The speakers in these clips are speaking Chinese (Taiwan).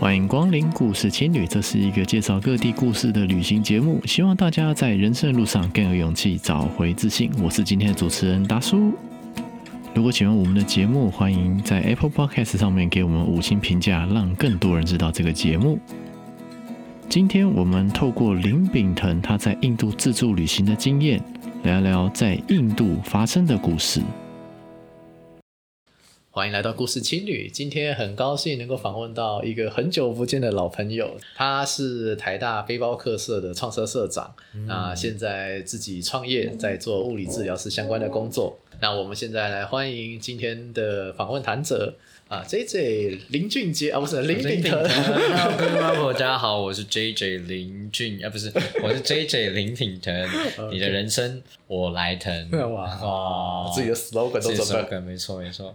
歡迎光臨故事青旅，這是一個介紹各地故事的旅行節目。希望大家在人生的路上更有勇氣，找回自信。我是今天的主持人達叔。如果喜歡我們的節目，歡迎在 Apple Podcast 上面給我們五星評價，讓更多人知道這個節目。今天我們透過林炳騰他在印度自助旅行的經驗，聊聊在印度發生的故事。歡迎來到故事青旅。今天很高興能夠訪問到一個很久不見的老朋友，他是台大背包客社的創社社長，嗯，那現在自己創業，在做物理治療師相關的工作，嗯，哦。那我們現在來歡迎今天的訪問談者。啊、uh，J J 林俊傑啊，不是、啊、林炳騰。大家好，我是 J J 林俊，啊不是，我是 J J 林炳騰。 啊、 你的人生我來疼。沒、okay. 有自己的 slogan 都什麼。slogan 沒錯沒錯。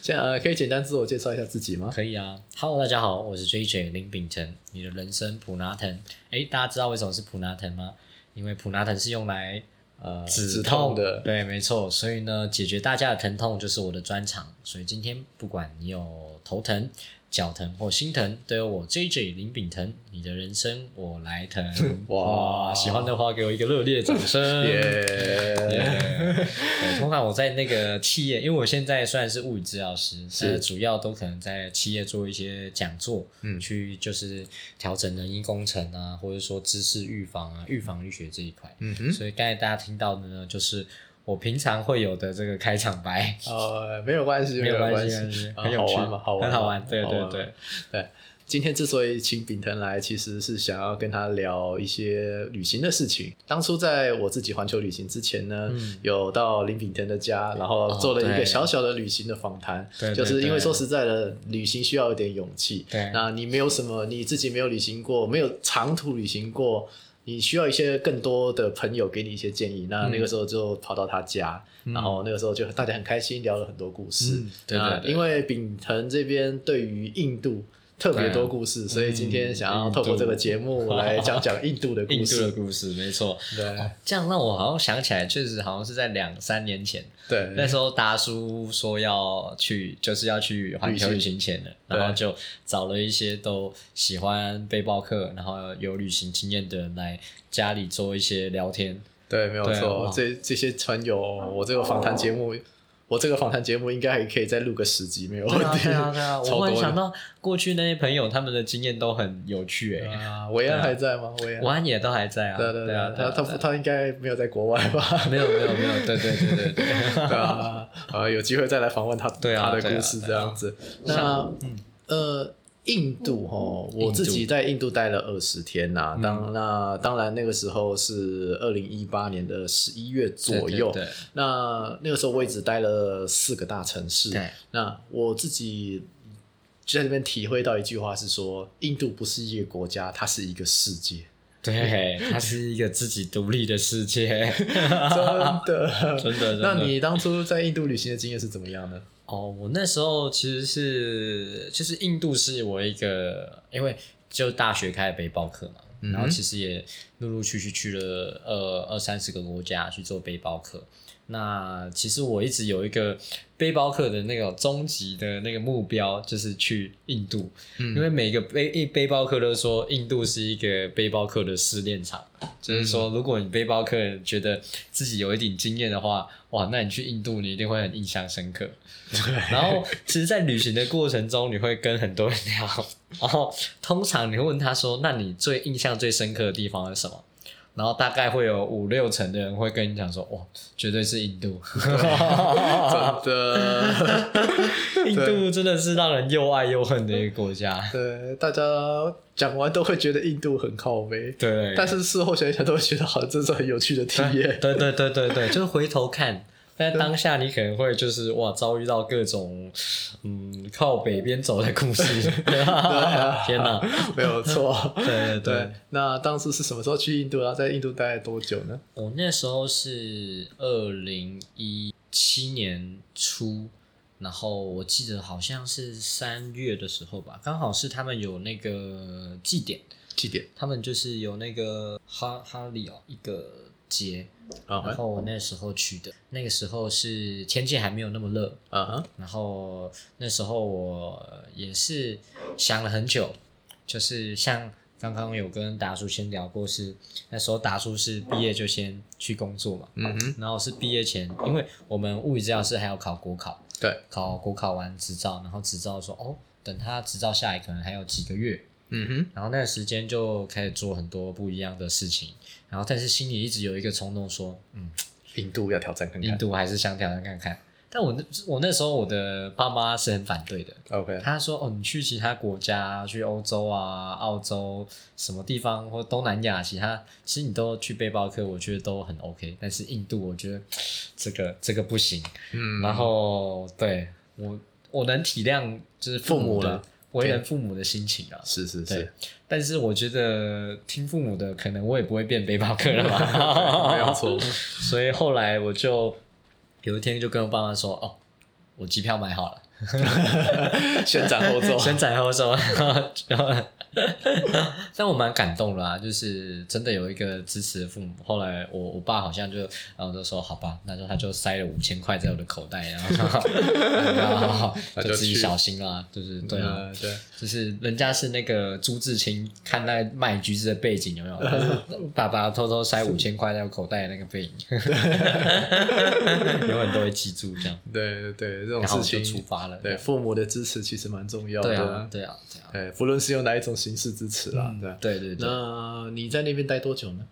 這樣 可以簡單自我介紹一下自己嗎？ 可以啊。Hello，大家好，我是 J J 林炳騰。你的人生普拿疼。哎，大家知道為什麼是普拿疼嗎？因為普拿疼是用來。呃止、止痛的，對，沒錯，所以呢，解決大家的疼痛就是我的專長，所以今天不管你有頭疼。腳疼或心疼，都有我 J J 林炳騰，你的人生我來疼。哇，喜歡的話給我一個熱烈的掌聲 Yeah Yeah Yeah 。 通常我在那個企業，因為我現在雖然是物理治療師是，但是主要都可能在企業做一些講座，去就是調整人因工程啊，或者說姿勢預防啊，預防醫學這一塊。嗯哼，所以剛才大家聽到的呢，就是。我平常會有的這個開場白，呃，沒有關係， 沒有關係，關係嗯、很，好玩，很好玩嘛，很好玩，對對對對。今天之所以請炳騰來，其實是想要跟他聊一些旅行的事情。當初在我自己環球旅行之前呢，嗯、有到林炳騰的家，然後做了一個小小的旅行的訪談、哦，就是因為說實在的，對對對，旅行需要一點勇氣。那你沒有什麼，你自己沒有旅行過，沒有長途旅行過。你需要一些更多的朋友給你一些建議，那那個時候就跑到他家，嗯、然後那個時候就大家很開心，聊了很多故事，嗯、對，對，對，因為炳騰這邊對於印度。特別多故事、啊嗯，所以今天想要透過這個節目來講講印度的故事。印度的故事，沒錯。對，哦、這樣讓我好像想起來，確實好像是在兩三年前。對。那時候達叔說要去，就是要去環球旅行前的，然後就找了一些都喜歡背包客，然後有旅行經驗的人來家裡做一些聊天。對，沒有錯、啊。這這些朋友，我這個訪談節目。哦我這個訪談節目應該還可以再錄個十集，沒有問題對啊，對啊對啊我會想到過去那些朋友，他們的經驗都很有趣哎、欸。啊，維安還在嗎？維安，維安也都還在啊。對啊對啊對,啊對啊，他對啊他、啊他,啊、他應該沒有在國外吧？沒有沒有沒有，對對對對對，對啊，呃， 有機會再來訪問他，對,、啊對啊、他的故事這樣子。啊啊啊、那、嗯，呃。印度哈、嗯嗯，我自己在印度待了二十天吶、啊嗯，當那當然那個時候是二零一八年的十一月左右對對對，那那個時候我一直待了四個大城市，對，那我自己就在那邊體會到一句話是說，印度不是一個國家，它是一個世界，對，它是一個自己獨立的世界， 真的 真的真的。那你當初在印度旅行的經驗是怎麼樣呢？哦、oh，我那時候其實是，就是印度是我一個，因為就大學開背包客嘛，mm -hmm. 然後其實也陸陸續續去了呃二三十個國家去做背包客。那其實我一直有一個背包客的那個終極的那個目標，就是去印度。嗯，因為每一個背一背包客都說，印度是一個背包客的試煉場。嗯。就是說，如果你背包客覺得自己有一點經驗的話，哇，那你去印度，你一定會很印象深刻。對。嗯。然後，其實在旅行的過程中，你會跟很多人聊。然後，通常你會問他說：“那你最印象最深刻的地方是什麼？”然後大概會有五六成的人會跟你講說，哇、哦，絕對是印度， 真的 印度真的是讓人又愛又恨的一個國家。對，對，大家講完都會覺得印度很靠北。對，但是事後想想都會覺得，好像這是很有趣的體驗。對對，對對對對，就是回頭看。 在當下，你可能會就是哇，遭遇到各種嗯，靠北邊走的故事。 對啊、 天哪， 沒有錯，對對，對，對。那當時是什麼時候去印度、啊？然後在印度待多久呢？我那時候是二零一七年初，然後我記得好像是三月的時候吧，剛好是他們有那個祭典。祭典，他們就是有那個哈哈利啊、喔、一個。街，uh -huh. 然後我那時候去的，那個時候是天氣還沒有那麼熱，嗯哼，然後那時候我也是想了很久，就是像剛剛有跟達叔先聊過是，是那時候達叔是畢業就先去工作嘛，嗯哼，然後是畢業前，因為我們物理治療師還要考國考，對、uh -huh.，考國考完執照，然後執照說哦，等他執照下來可能還有幾個月，嗯哼，然後那個時間就開始做很多不一樣的事情。然後，但是心裡一直有一個衝動，說，嗯，印度要挑戰看看，印度還是想挑戰看看。嗯、但我那我那時候我的爸媽是很反對的，OK，他說，哦，你去其他國家，去歐洲啊、澳洲什麼地方，或東南亞其他，其實你都去背包客，我覺得都很 OK。但是印度，我覺得這個這個不行。嗯，然後對，我我能體諒就是父母了。為人父母的心情啊，是是是，但是我覺得聽父母的，可能我也不會變背包客了吧？ 沒有錯。 所以後來我就有一天就跟我爸媽說：“哦，我機票買好了。 宣後”先 斬後奏，先斬後奏。 但我蠻感動的、啊、就是真的有一個支持的父母。後來我我爸好像就，然後就說好吧，那就他就塞了五千塊在我的口袋，然後，然後, 然後就自己小心啦、啊，就是對啊、嗯，對，就是人家是那個朱自清看那賣橘子的背景有沒有？爸爸偷偷，偷塞五千塊在我口袋的那個背影， 對 永遠都會記住這樣。對對對，這種事情。然後就出發了對。對，父母的支持其實蠻重要的、啊。對啊，對啊，對啊。對、欸，不論是用哪一種。形式支持啦、嗯，對對對。那你在那邊待多久呢？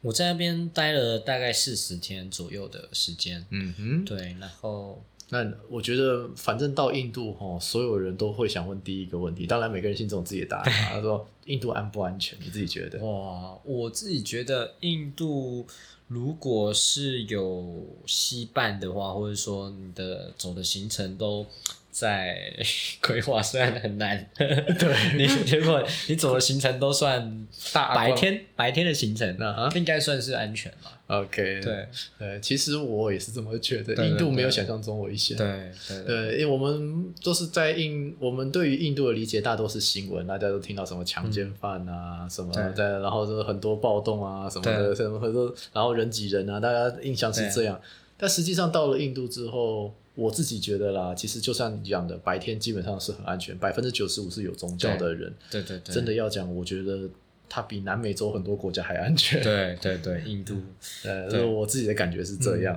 我在那邊待了大概四十天左右的時間。嗯哼，對。然後，那我覺得，反正到印度哈、哦，所有人都會想問第一個問題，當然每個人心中有自己的答案。 他說：“印度安不安全？”你自己覺得？哇，我自己覺得印度，如果是有西半的話，或者說你的總的行程都。在規劃雖然很難， 對 你結果你走的行程都算大白天白天的行程呢，哈、啊，應該算是安全吧。OK，對對、對，其實我也是這麼覺得，對對對，印度沒有想象中危險。對對、對、對，因為我們都是在印，我們對於印度的理解大多是新聞，大家都聽到什麼強姦犯啊，嗯、什麼的，然後就是很多暴動啊，什麼的，什麼很多，然後人擠人啊，大家印象是這樣，但實際上到了印度之後。我自己覺得啦，其實就算你講的白天基本上是很安全，百分之九十五是有宗教的人對，對對對，真的要講，我覺得它比南美洲很多國家還安全。對對對，印度， 對，對所以我自己的感覺是這樣。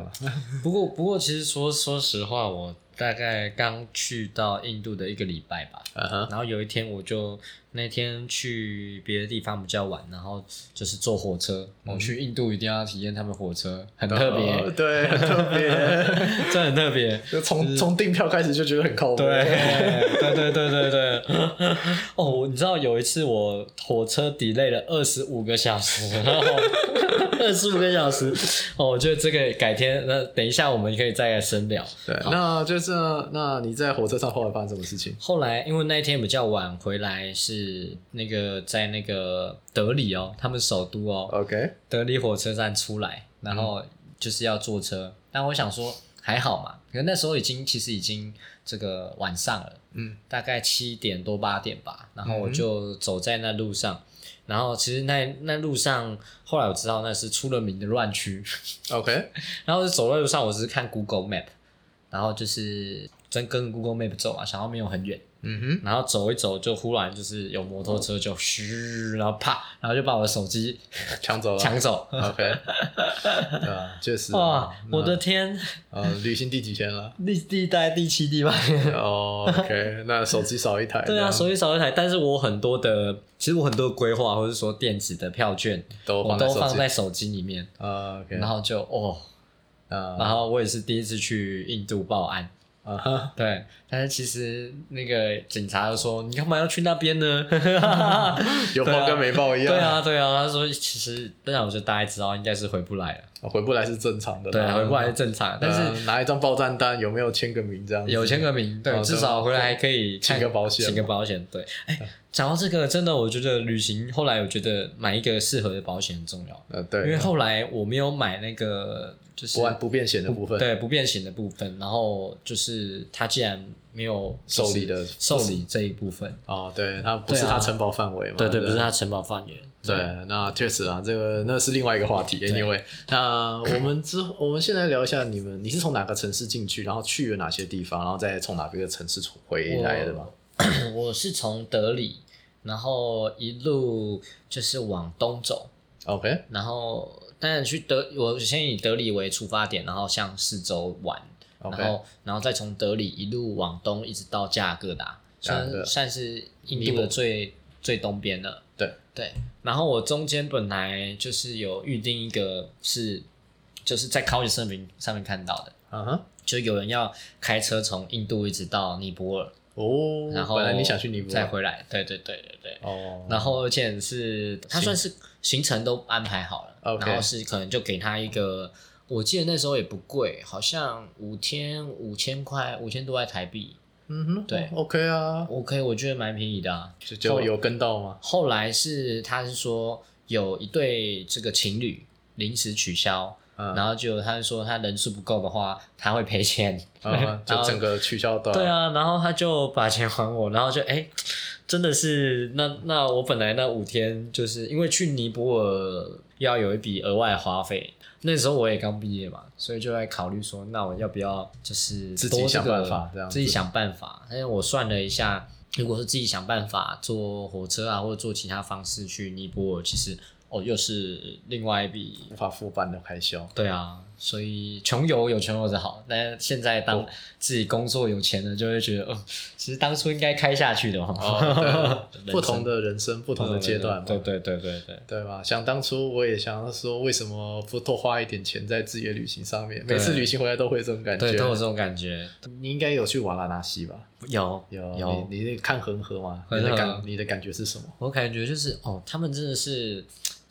不過、嗯、不過，不過其實說說實話，我大概剛去到印度的一個禮拜吧， 然後有一天我就。那天去別的地方比較晚，然後就是坐火車。我、哦、們、嗯、去印度一定要體驗他們火車，嗯、很特別、欸，對，很特別，這 很特別。就從從訂票開始就覺得很摳，對，對對對對。 哦，你知道有一次我火車 delay 了二十五個小時， 然後二十五個小時。哦，我覺得這個改天那等一下我們可以再深聊。對，那就是那你在火車上後來發生什麼事情？後來因為那天比較晚回來是。是那個在那個德裡哦，他們首都哦，OK，德裡火車站出來，然後就是要坐車，嗯、但我想說還好嘛，可那時候已經其實已經這個晚上了，嗯，大概七點多八點吧，然後我就走在那路上，嗯、然後其實那那路上後來我知道那是出了名的亂區，OK， 然後就走在路上，我只是看 Google Map，然後就是真跟 Google Map 走啊，想到沒有很遠。嗯哼，然後走一走，就忽然就是有摩托車，就噓，然後啪，然後就把我的手機搶走了，搶 走。OK，啊，確實。哇，我的天！呃、uh,，旅行第幾天了、啊？第大概第七第八天。哦、uh,，OK， 那手機少一台。 對啊，手機少一台，但是我很多的，其實我很多的規劃，或者說電子的票券，都我都放在手機裡面。Uh, okay. 然後就哦，呃、uh,，然後我也是第一次去印度報案。啊哈，對，但是其實那個警察就說，你幹嘛要去那邊呢？哈哈哈，有報跟沒報一樣 對、啊。對啊，對啊，他說其實，當然，我覺得大家知道，應該是回不來了、哦，回不來是正常的。對，嗯、回不來是正常的。但是、啊、拿一張報站單，有沒有簽個名這樣子？有簽個名對、哦對，對，至少回來還可以請個保險，請個保險。對，哎、欸。啊講到這個，真的，我覺得旅行後來，我覺得買一個適合的保險很重要。呃、嗯，對，因為後來我沒有買那個，就是不安不變險的部分。對，不變險的部分，然後就是他竟然沒有受、就、理、是、的受理這一部分哦，對，它不是它承保範圍，對，啊、對，對對，不是它承保範圍。對，那確實啊，這個那是另外一個話題。anyway。那我們之，我們先來聊一下你們，你是從哪個城市進去，然後去了哪些地方，然後再從哪個城市回來的吧 我是從德里。然後一路就是往東走，OK。然後，當然去德，我先以德里為出發點，然後向四周玩，okay. 然後，然後再從德里一路往東，一直到加爾格達，算算是印度的最最東邊的。對對。然後我中間本來就是有預定一個是，是就是在考級社群上面看到的，嗯哼，就有人要開車從印度一直到尼泊爾。哦，然後你想去尼泊爾再回來，對對對對對。哦。然後而且是他算是行程都安排好了，okay. 然後是可能就給他一個，我記得那時候也不貴，好像五天五千塊，五千多塊台幣。嗯哼，對，OK 啊，OK，我覺得蠻便宜的啊。就就有跟到嗎？後來是他是說有一對這個情侶臨時取消。嗯，然後就他說，他人數不夠的話，他會賠錢，就整個取消掉。對啊，然後他就把錢還我，然後就誒、欸，真的是那那我本來那五天就是因為去尼泊爾要有一筆額外的花費，那時候我也剛畢業嘛，所以就在考慮說，那我要不要就是、這個、自己想辦法這樣子，自己想辦法。但是我算了一下，如果是自己想辦法坐火車啊，或者坐其他方式去尼泊爾，其實。哦，又是另外一筆無法負擔的開銷。對啊。所以窮遊有窮遊的好，但現在當自己工作有錢了，就會覺得，哦、呃，其實當初應該開下去的，哦。 不同的人生，不同的階段對，對對對對對，對吧？想當初我也想說，為什麼不多花一點錢在自己的旅行上面？每次旅行回來都會有這種感覺對。對，都有這種感覺。感覺，你應該有去瓦拉納西吧？有有，有。你你看恆河嗎？你的感你的感覺是什麼？我感覺就是，哦，他們真的是。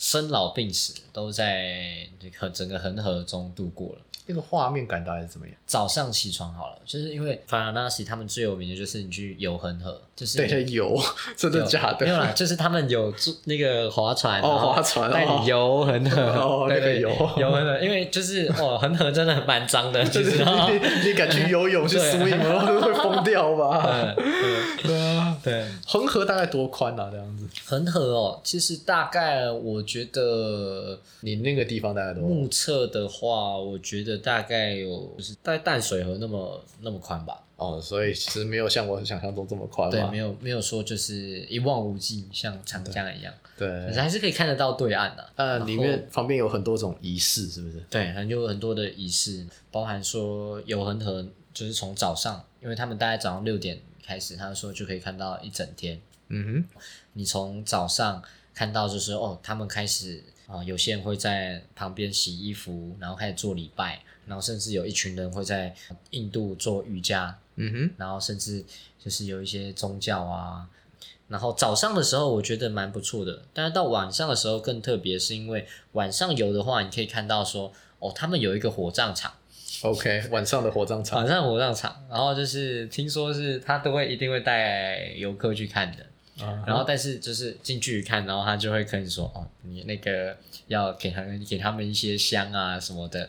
生老病死都在這個整個恆河中度過了，那個畫面感大概是怎麼樣？早上起床好了，就是因為瓦拉納西他們最有名的就是你去遊恆河，就是游，真的假的？有沒有啦，就是他們有住那個划船划船，帶你遊恆河哦，對遊遊恆河，因為就是哦，恆河真的蠻髒的， 就是你你敢去游泳是輸贏了。 瘋 掉吧！對,對, 對啊，對，恆河大概多寬啊？這樣子，恆河哦、喔，其實大概我覺得，你那個地方大概都目測的話，我覺得大概有就是帶淡水河那麼那麼寬吧。哦，所以其實沒有像我想象中這麼寬，對，沒有沒有說就是一望無際像長江一樣對，對，可是還是可以看得到對岸的、啊。呃，裡面旁邊有很多種儀式，是不是？對，反正就有很多的儀式，包含說有恆河，就是從早上。因為他們大概早上六點開始，他們說就可以看到一整天。嗯哼，你從早上看到就是哦，他們開始啊、呃，有些人會在旁邊洗衣服，然後開始做禮拜，然後甚至有一群人會在印度做瑜伽。嗯哼，然後甚至就是有一些宗教啊，然後早上的時候我覺得蠻不錯的，但是到晚上的時候更特別，是因為晚上遊的話，你可以看到說哦，他們有一個火葬場。OK，晚上的火葬場，晚上的火葬場，然後就是聽說是他都會一定會帶遊客去看的，Uh-huh. 然後但是就是進去一看，然後他就會跟你說哦，你那個要給他給他們一些香啊什麼的。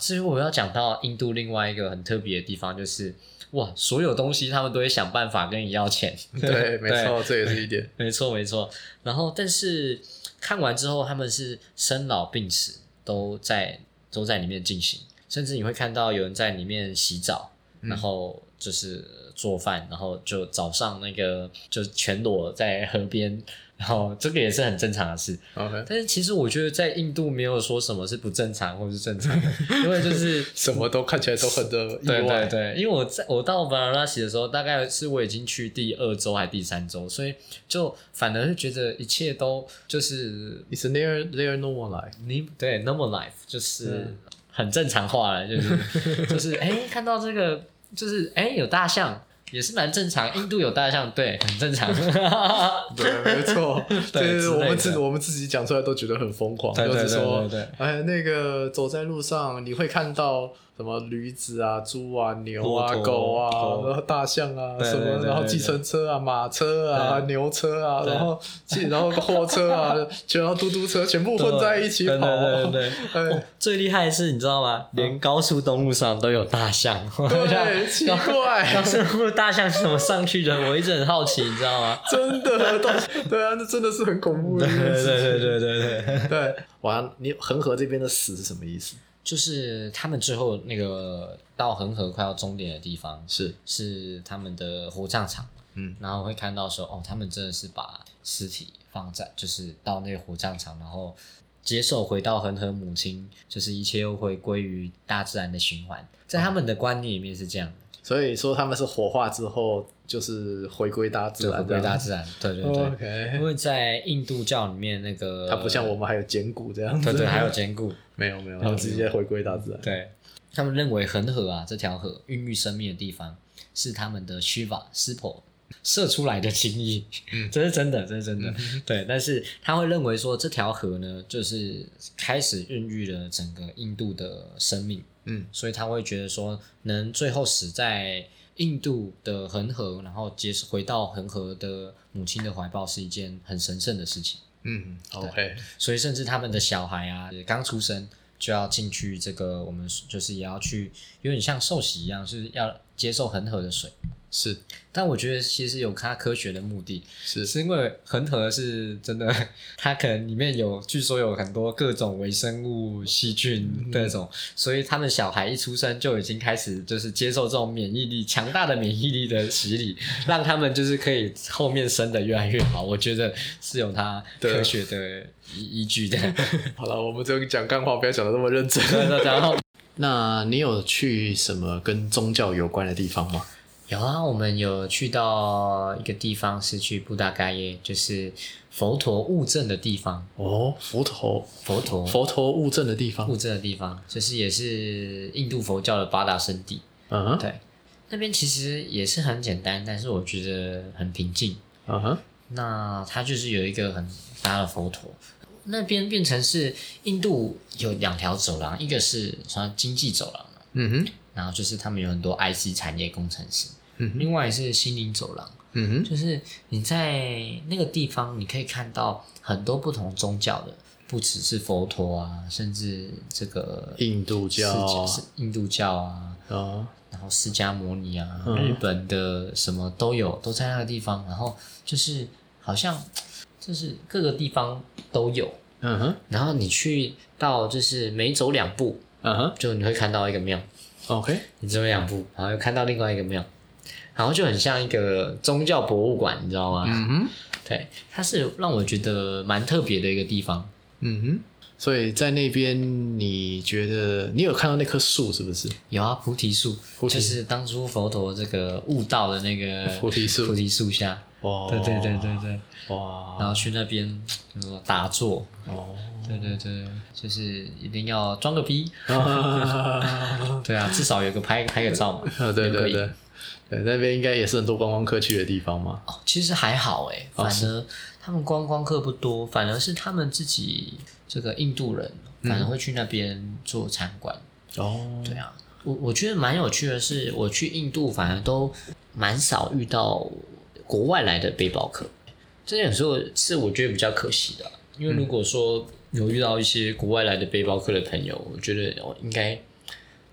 至於我要講到印度另外一個很特別的地方，就是哇，所有東西他們都會想辦法跟你要錢。對，沒錯， 這也是一點，沒，沒錯，沒錯。然後但是看完之後，他們是生老病死都在都在裡面進行。甚至你會看到有人在裡面洗澡、嗯，然後就是做飯，然後就早上那個就全裸在河邊，然後這個也是很正常的事。Okay. 但是其實我覺得在印度沒有說什麼是不正常或是正常的， 因為就是 什麼都看起來都很的意外。 對對對，因為我在我到瓦拉納西的時候，大概是我已經去第二周還是第三周，所以就反而是覺得一切都就是 it's there there normal life，你對 normal life 就是。嗯很正常話了，就是就是，哎、欸，看到這個，就是哎、欸，有大象也是蠻正常，印度有大象，對，很正常，對，沒錯， 就是我們自我們自己講出來都覺得很瘋狂，對對對對，就是說，哎、欸，那個走在路上你會看到。什麼驢子啊、豬啊、牛啊、蠟蠟狗啊，然後大象啊，什麼然後計程車啊，對對對對、馬車啊、牛車啊，然後然後貨車啊， 全都嘟嘟車全部混在一起跑、跑。對對、對、對、對、哦、最厲害的是你知道嗎？嗯、連高速公路上都有大象。對， 對，奇怪。速這頭大象是怎麼上去的？ 我一直很好奇，你知道嗎？真的， 對啊，那真的是很恐怖的對對對對對對對。完，你恆河這邊的死是什麼意思？就是他們最後那個到恆河快要終點的地方是是他們的火葬場，嗯，然後會看到說哦，他們真的是把屍體放在、嗯、就是到那個火葬場，然後接受回到恆河母親，就是一切又回歸於大自然的循環，在他們的觀念裡面是這樣的、嗯，所以說他們是火化之後就是回歸大自然，回歸大自然，對對對、對，oh, okay. 因為在印度教裡面那個他不像我們還有撿骨這樣子，對對、對，還有撿骨。 沒有沒有，他們直接回歸大自然。對，他們認為恆河啊，這條河孕育生命的地方，是他們的虛法濕婆射出來的精液， 這是真的，這是真的。嗯、對，但是他會認為說，這條河呢，就是開始孕育了整個印度的生命，嗯，所以他會覺得說，能最後死在印度的恆河，然後結識回到恆河的母親的懷抱，是一件很神聖的事情。嗯，OK，所以甚至他們的小孩啊，剛出生就要進去這個，我們就是也要去，有點像受洗一樣，就是要接受恆河的水。是，但我覺得其實有它科學的目的，是是因為恆河是真的，它可能裡面有據說有很多各種微生物、細菌那種、嗯，所以他們小孩一出生就已經開始就是接受這種免疫力強大的免疫力的洗禮， 讓他們就是可以後面生的越來越好。我覺得是有它科學的依依據的。 好了，我們只有講幹話，不要講的那麼認真，大 家 然後那你有去什麼跟宗教有關的地方嗎？有啊，我們有去到一個地方，是去布達蓋耶，就是佛陀悟證的地方哦。佛陀，佛陀，佛陀悟證的地方，悟證的地方，就是也是印度佛教的八大聖地。嗯哼，對，那邊其實也是很簡單，但是我覺得很平靜。嗯哼，那它就是有一個很大的佛陀，那邊變成是印度有兩條走廊，一個是算經濟走廊，嗯哼，uh -huh. 然後就是他們有很多 IC 產業工程師。嗯，另外是心靈走廊，嗯哼，就是你在那個地方，你可以看到很多不同宗教的，不只是佛陀啊，甚至這個印度教啊，印度教啊，啊、哦，然後釋迦牟尼啊、嗯，日本的什麼都有，都在那個地方。然後就是好像就是各個地方都有，嗯哼。然後你去到就是每走兩步，嗯哼，就你會看到一個廟，OK、嗯。你走兩步，然後又看到另外一個廟。然後就很像一個宗教博物館，你知道嗎？嗯哼，對，它是讓我覺得蠻特別的一個地方。嗯哼，所以在那邊，你覺得你有看到那棵樹是不是？有啊，菩提樹，就是當初佛陀這個悟道的那個菩提樹，菩提樹下。哇！對對對對對。哇！然後去那邊打，打坐？哦，對對對，就是一定要裝個逼。啊 對啊，至少有個拍拍個照嘛。呃、啊，對對對。對，那邊應該也是很多觀光客去的地方嘛？哦，其實還好誒、欸，反而他們觀光客不多，哦、反而是他們自己這個印度人，嗯、反而會去那邊做參觀哦，對啊，我我覺得蠻有趣的是，我去印度反而都蠻少遇到國外來的背包客，嗯、這點時候是我覺得比較可惜的。因為如果說有遇到一些國外來的背包客的朋友，嗯、我覺得我應該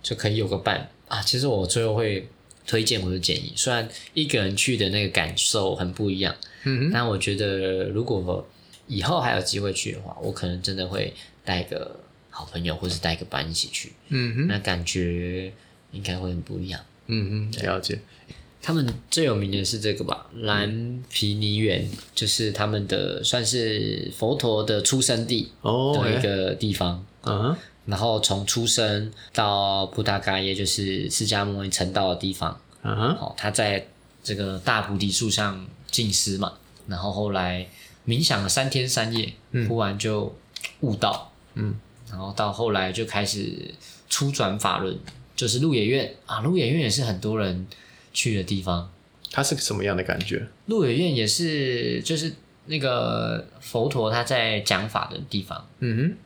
就可以有個伴啊。其實我最後會。推薦我，就建議，雖然一個人去的那個感受很不一樣，嗯、但我覺得如果以後還有機會去的話，我可能真的會帶個好朋友，或者帶個班一起去，嗯、那感覺應該會很不一樣，嗯嗯，了解。他們最有名的是這個吧，嗯、藍毗尼園，就是他們的算是佛陀的出生地的、哦、一個地方，哦 okay、嗯。Uh -huh 然後從出生到布達嘎耶，就是釋迦牟尼成道的地方。Uh-huh. 他在這個大菩提樹上靜思嘛，然後後來冥想了三天三夜，突、嗯、然就悟道。嗯，然後到後來就開始初轉法輪，就是鹿野苑啊，鹿野苑也是很多人去的地方。它是個什麼樣的感覺？鹿野苑也是，就是那個佛陀他在講法的地方。嗯哼。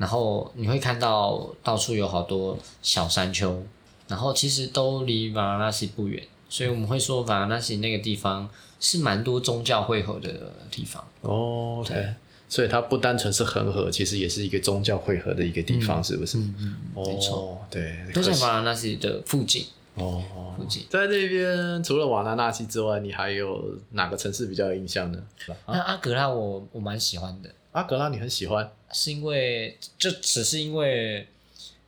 然後你會看到到處有好多小山丘，然後其實都離瓦拉納西不遠，所以我們會說瓦拉納西那個地方是蠻多宗教匯合的地方。哦，okay, 對，所以它不單純是恆河，其實也是一個宗教匯合的一個地方，嗯、是不是？嗯嗯、哦，沒錯，對。都在瓦拉納西的附近。哦哦，附近。在這邊除了瓦拉納西之外，你還有哪個城市比較有印象呢？那阿格拉我我蠻喜歡的。阿格拉你很喜歡？是因為，就只是因為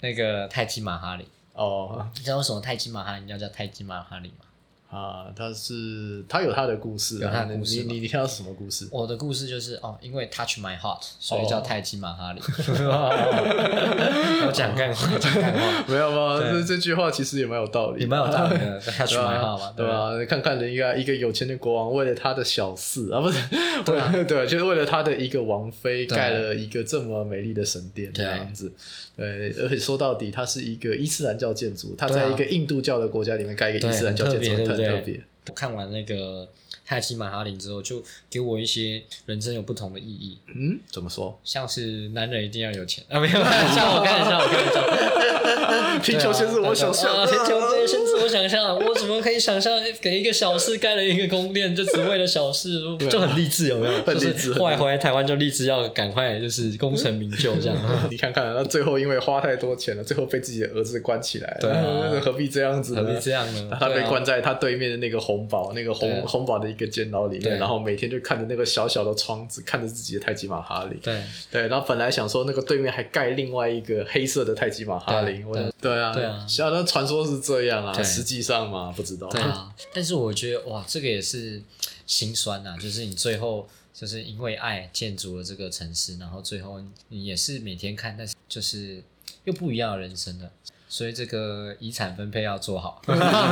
那個泰姬瑪哈里哦、oh，你知道為什麼泰姬瑪哈里要叫泰姬瑪哈里嗎？啊，他是他有他的故事，有他的故事啊，你他你你要什麼故事？我的故事就是哦，因為 Touch My Heart，所以叫泰姬瑪哈陵。我講幹話，講幹話。沒有沒有，這這句話其實也蠻有道理，也蠻有道理。Touch My Heart，對吧？看看人家一個有錢的國王，為了他的小四啊，不是，對，對，對，對，對，對，對，就是為了他的一個王妃蓋了一個這麼美麗的神殿，這樣子對對。對，而且說到底，他是一個伊斯蘭教建築，他在一個印度教的國家裡面蓋一個伊斯蘭教建築。對特別，我看完那個泰姬瑪哈陵之後，就給我一些人生有不同的意義。嗯，怎麼說？像是男人一定要有錢啊，沒有像我看，你講，我看，你講，貧窮 先、啊啊先、啊、限制我想象，貧窮限制我想象，我怎麼可以想象給一個小事蓋了一個宮殿，就只為了小事？ 就很勵志，有沒有？很勵志。就是、後來回來台灣就立志要趕快就是功成名就、嗯、這樣。 你看看，那最後因為花太多錢了，最後被自己的兒子關起來了。對、啊，何必這樣子呢？何必這樣呢？他被關在他對面的那個紅堡，啊、那個紅、啊、紅堡的。一個監牢裡面，然後每天就看着那個小小的窗子，看着自己的泰姬瑪哈陵。對對，然後本來想說那個對面還蓋另外一個黑色的泰姬瑪哈陵。對啊，對啊。曉得傳說是這樣啊，實際上嘛，不知道。對啊。但是我覺得哇，這個也是心酸啊。就是你最後就是因為愛建築了這個城市，然後最後你也是每天看，但是就是又不一樣的人生了。所以這個遺產分配要做好 有道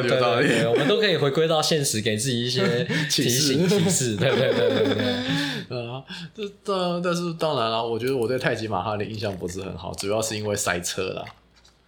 理，有道理。 我們都可以回歸到現實，給自己一些提醒、提示，對不對？對對對，對。 嗯、啊，這當但是當然了，啊，我覺得我對泰姬瑪哈的印象不是很好，主要是因為塞車啦。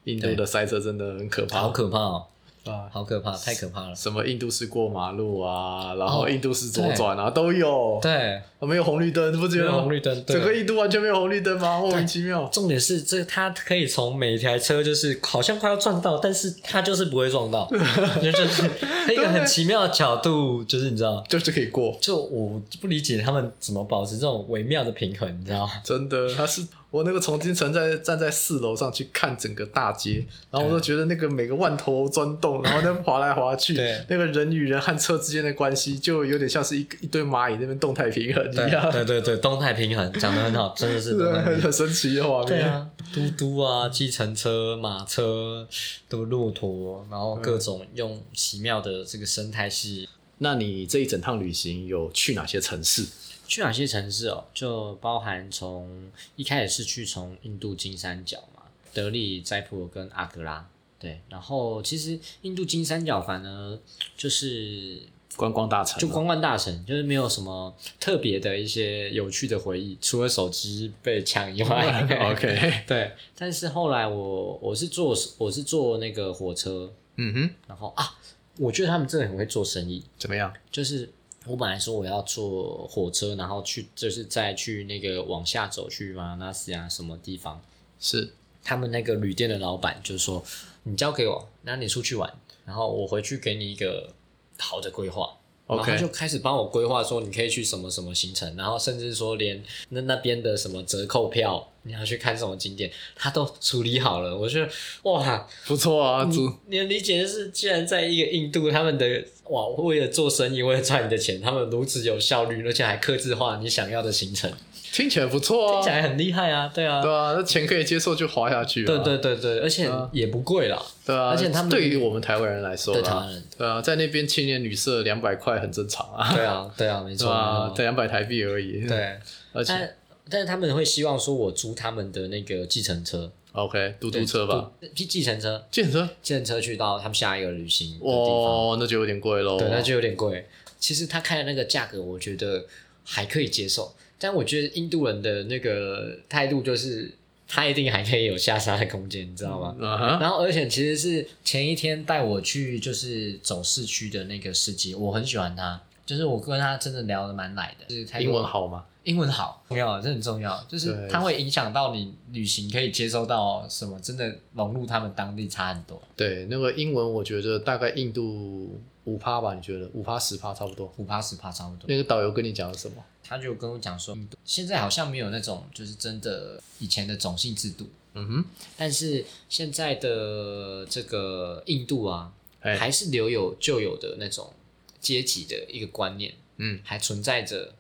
印度的塞車真的很可怕，好可怕哦。啊，好可怕，太可怕了！什麼印度式過馬路啊，然後印度式左轉啊、哦，都有。對，沒有紅綠燈，不覺得嗎？沒有紅綠燈，對，整個印度完全沒有紅綠燈嗎？莫名其妙。重點是這，他可以從每一台車，就是好像快要撞到，但是他就是不會撞到， 就是一個很奇妙的角度， 就是你知道，就是可以過。就我不理解他們怎麼保持這種微妙的平衡，你知道嗎？真的，他是。 我那個從慶城站在四樓上去看整個大街，然後我就覺得那個每個萬頭攢動，然後那邊滑來滑去，對，那個人與人和車之間的關係就有點像是一一堆螞蟻那邊動態平衡一樣。對對，對對，動態平衡講得 很好，真的是。對，很神奇的畫面。對啊、對啊。嘟嘟啊，計程車、馬車、都駱駝，然後各種用奇妙的這個生態系。那你這一整趟旅行有去哪些城市？去哪些城市哦、喔？就包含從一開始是去從印度金三角嘛，德里、齋普爾跟阿格拉。對，然後其實印度金三角反而就是觀光大城，就觀光大城，就是沒有什麼特別的一些有趣的回憶，除了手機被搶以外。 OK。對，但是後來我我是坐我是坐那個火車，嗯哼，然後啊。我覺得他們真的很會做生意。怎麼樣？就是我本來說我要坐火車，然後去就是再去那個往下走去瓦拉納西啊什麼地方？是他們那個旅店的老闆就說：“你交給我，那你出去玩，然後我回去給你一個好的規劃。”然後他就開始幫我規劃，說你可以去什麼什麼行程，okay. 然後甚至說連那那邊的什麼折扣票，你要去看什麼景點，他都處理好了。我覺得哇，不錯啊！主，你，你的理解是，既然在一個印度，他們的哇，為了做生意，為了賺你的錢，他們如此有效率，而且還客製化你想要的行程。聽起來不錯哦、啊，聽起來很厲害啊，對啊，對啊，那錢可以接受就花下去、啊，對對對對，而且也不貴啦，對啊，而且他們對於我們台灣人來說，對台灣人，對啊，在那邊青年旅社兩百塊很正常啊，對啊對啊，沒錯啊，兩百台幣而已，對，而且但是他們會希望說我租他們的那個計程車，OK，嘟嘟車吧，計計程車，計程車，計程車去到他們下一個旅行，哦，那就有點貴嘍，對，那就有點貴，其實他開的那個價格我覺得還可以接受。但我覺得印度人的那個態度就是，他一定還可以有下殺的空間，你知道嗎？嗯、然後，而且其實是前一天帶我去就是走市區的那個司機，我很喜歡他，就是我跟他真的聊的蠻來的。就是英文好嗎？英文好，重要，真的很重要，就是他會影響到你旅行可以接收到什麼，真的融入他們當地差很多。對，那個英文我覺得大概印度五趴吧，你覺得？五趴十趴差不多？五趴十趴差不多。那個導遊跟你講了什麼？他就跟我講說，現在好像沒有那種就是真的以前的種姓制度，嗯哼，但是現在的這個印度啊，Hey. 還是留有舊有的那種階級的一個觀念，嗯，還存在着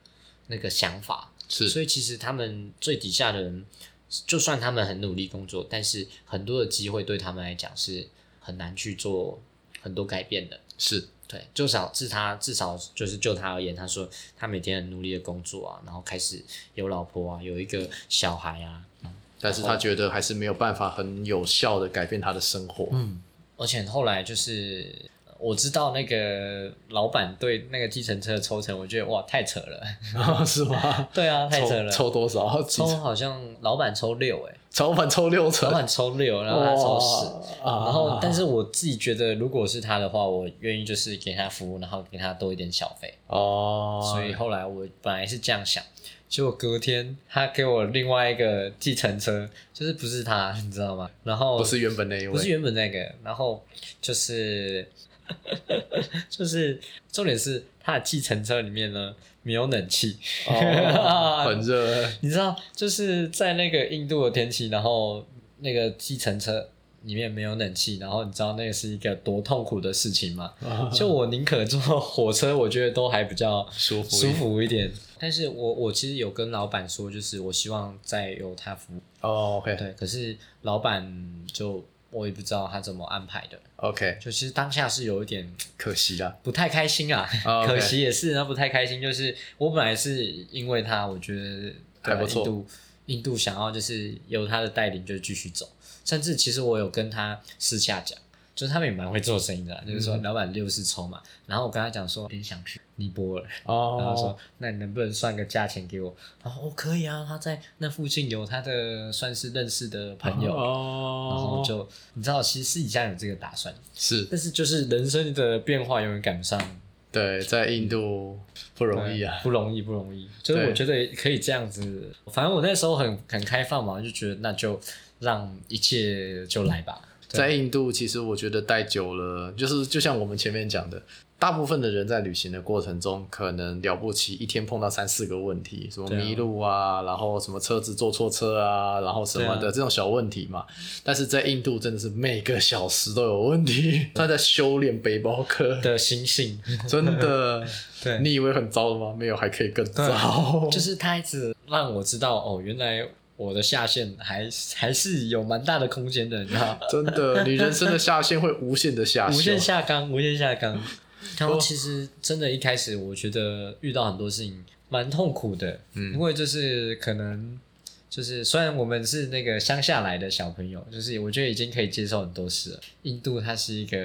那個想法，是，所以其實他們最底下的人，就算他們很努力工作，但是很多的機會對他們來講是很難去做很多改變的，是。對，就少至少他至少就是就他而言，他說他每天很努力的工作啊，然後開始有老婆啊，有一個小孩啊，嗯，但是他覺得還是沒有辦法很有效的改變他的生活，嗯，而且後來就是。我知道那個老闆對那個計程車的抽成，我覺得哇太扯了，是嗎？對啊，太扯了。抽、抽多少？抽好像老闆抽、欸、抽、抽六誒，老闆抽六，老闆抽六，然後他抽十、哦，然後、啊、但是我自己覺得，如果是他的話，我願意就是給他服務，然後給他多一點小費哦。所以後來我本來是這樣想，結果隔天他給我另外一個計程車，就是不是他，你知道嗎？然後不是原本那一位，不是原本那個，然後就是。 就是重點是，他的計程車裡面呢沒有冷氣、oh,， 很熱熱耶。 你知道，就是在那個印度的天氣，然後那個計程車裡面沒有冷氣，然後你知道那個是一個多痛苦的事情嗎？Oh, okay. 就我寧可坐火車，我覺得都還比較舒服舒服一點。但是我我其實有跟老闆說，就是我希望再由他服務、oh,。哦，OK，對。可是老闆就。我也不知道他怎麼安排的 okay。OK，就其實當下是有一點可惜啦，不太開心啊，可惜啦。 可惜也是，那不太開心就是我本來是因為他，我覺得對、啊、還不錯印度，印度想要就是由他的帶領就繼續走，甚至其實我有跟他私下講。就是他們也蠻會做生意的、啊，嗯、就是說老闆六十抽嘛，嗯、然後我跟他講說，你想去尼泊爾，哦、然後說，那你能不能算個價錢給我？哦，可以啊，他在那附近有他的算是認識的朋友，哦，然後就你知道，其實私底下有這個打算，是，但是就是人生的變化永遠趕不上，對，在印度不容易啊，不容易，不容易，不容易，就是我覺得可以這樣子，反正我那時候很很開放嘛，就覺得那就讓一切就來吧。在印度，其實我覺得待久了，就是就像我們前面講的，大部分的人在旅行的過程中，可能了不起一天碰到三四個問題，什麼迷路啊，啊然後什麼車子坐錯車啊，然後什麼的、啊、這種小問題嘛。但是在印度真的是每個小時都有問題，他在修煉背包客 的心星性星， 真的。 對，你以為很糟的嗎？沒有，還可以更糟。 就是他一直讓我知道哦，原來。我的下限還還是有蠻大的空間的，你知道？真的，你人生的下限會無限的下 限下，無限下崗，無限下崗。其實真的，一開始我覺得遇到很多事情蠻痛苦的，嗯，因為就是可能就是雖然我們是那個鄉下來的小朋友，就是我覺得已經可以接受很多事了。印度它是一個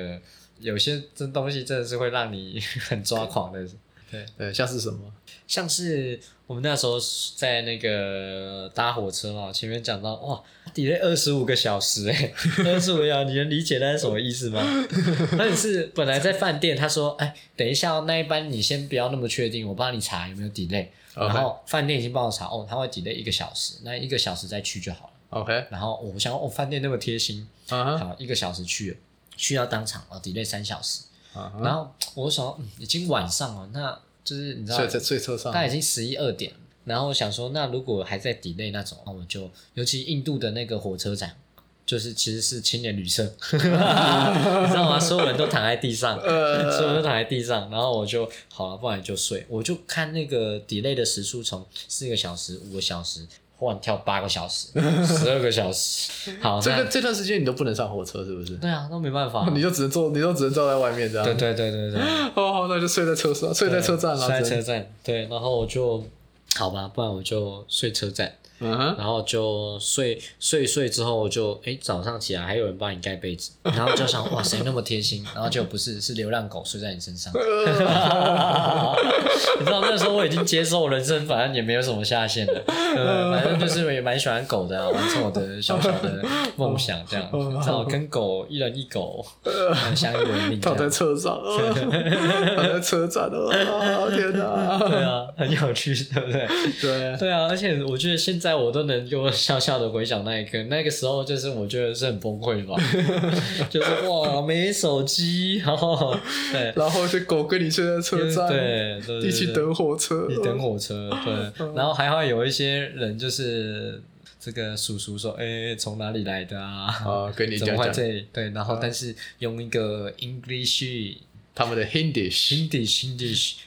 有些這東西真的是會讓你 很抓狂的。對對，像是什麼？像是我們那時候在那個搭火車嘛，前面講到哇，delay 二十五個小時哎、欸，但是我要你能理解那是什麼意思嗎？ 但是本來在飯店，他說：“哎、欸，等一下、喔，那一班你先不要那麼確定，我幫你查有沒有 delay、okay.。”然後飯店已經幫我查，哦、喔，他會 delay 一個小時，那一個小時再去就好了。OK，然後我想，哦、喔，飯店那麼貼心，好、uh -huh.，一個小時去了，去到當場哦，delay 三小時。然後我想、嗯，已經晚上了，那就是你知道，睡在睡車上，他已經十一二點了。然後我想說，那如果還在 delay 那種，我就尤其印度的那個火車站，就是其實是青年旅社， 你知道嗎？所有人都躺在地上，呃、 所有人都躺在地上。然後我就好了、啊，不然就睡。我就看那個 delay 的時速，從四個小時、五個小時。換跳八個小時，十 二個小時。好，這個這段時間你都不能上火車，是不是？ 對啊，那沒辦法，你就只能坐，你就只能坐在外面這樣。 對,對對對對對。哦，那就睡在車上，睡在車站了、啊。睡在車站，對。然後我就，好吧，不然我就睡車站。Uh -huh. 然後就睡睡睡，之後就哎早上起來還有人幫你蓋被子，然後就想哇誰那麼貼心，然後就不是，是流浪狗睡在你身上， 你知道那時候我已經接受了人生，反正也沒有什麼下限了，嗯、反正就是也蠻喜歡狗的、啊，完成我的小小的夢想這樣，然後跟狗一人一狗相依為命，躺、嗯、在車上，躺 在車站、啊、天吶，對啊，很有趣對不對？對對啊，而且我覺得現在。在我都能就笑笑的回想，那一刻，那個時候就是我覺得是很崩潰吧， 就是哇，沒手機，然後對， 然後這狗跟你睡在車站，對，對，對，對，一起等火車，對對對，等火車，對， 然後還會有一些人就是這個叔叔說，哎、欸，從哪裡來的啊？啊，跟你講講，對，然後但是用一個 English，他們的 Hindi，Hindi，Hindi。Hindish, Hindish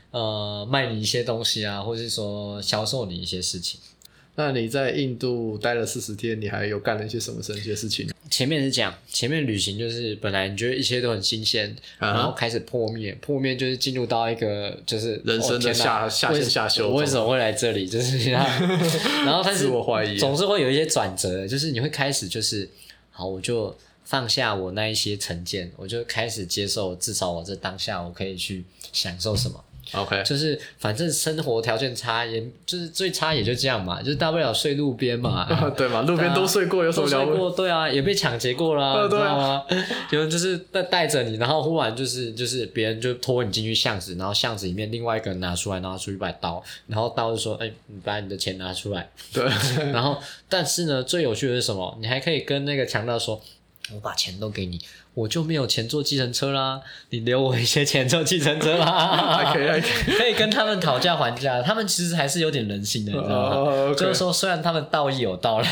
呃，賣你一些東西啊，嗯、或是說銷售你一些事情。那你在印度待了四十天，你還有幹了一些什麼神奇的事情？前面是講前面旅行，就是本來你覺得一切都很新鮮，啊，然後開始破滅，破滅就是進入到一個就是人生的下、哦、下限下，下修。我為什麼會來這裡？就是 然後，開始自我懷疑，但是總是會有一些轉折， 就是你會開始就是好，我就放下我那一些成見，我就開始接受，至少我在當下我可以去享受什麼。OK，就是反正生活條件差也，也就是最差也就這樣嘛，就是大不了睡路邊嘛、嗯嗯嗯，對嘛，路邊都睡過、啊，有什麼聊過？睡過？對啊，也被搶劫過啦、嗯嗯，對啊，有人就是帶帶着你，然後忽然就是就是別人就拖你進去巷子，然後巷子裡面另外一個人拿出來拿出一把刀，然後刀就說：“哎、欸，你把你的錢拿出來。”對， 然後但是呢，最有趣的是什麼？你還可以跟那個強盜說：“我把錢都給你。”我就沒有錢坐計程車啦，你留我一些錢坐計程車啦。可以可以跟他們討價還價，他們其實還是有點人性的，你知道嗎？就、oh, 是、okay. 說雖然他們道義有道啦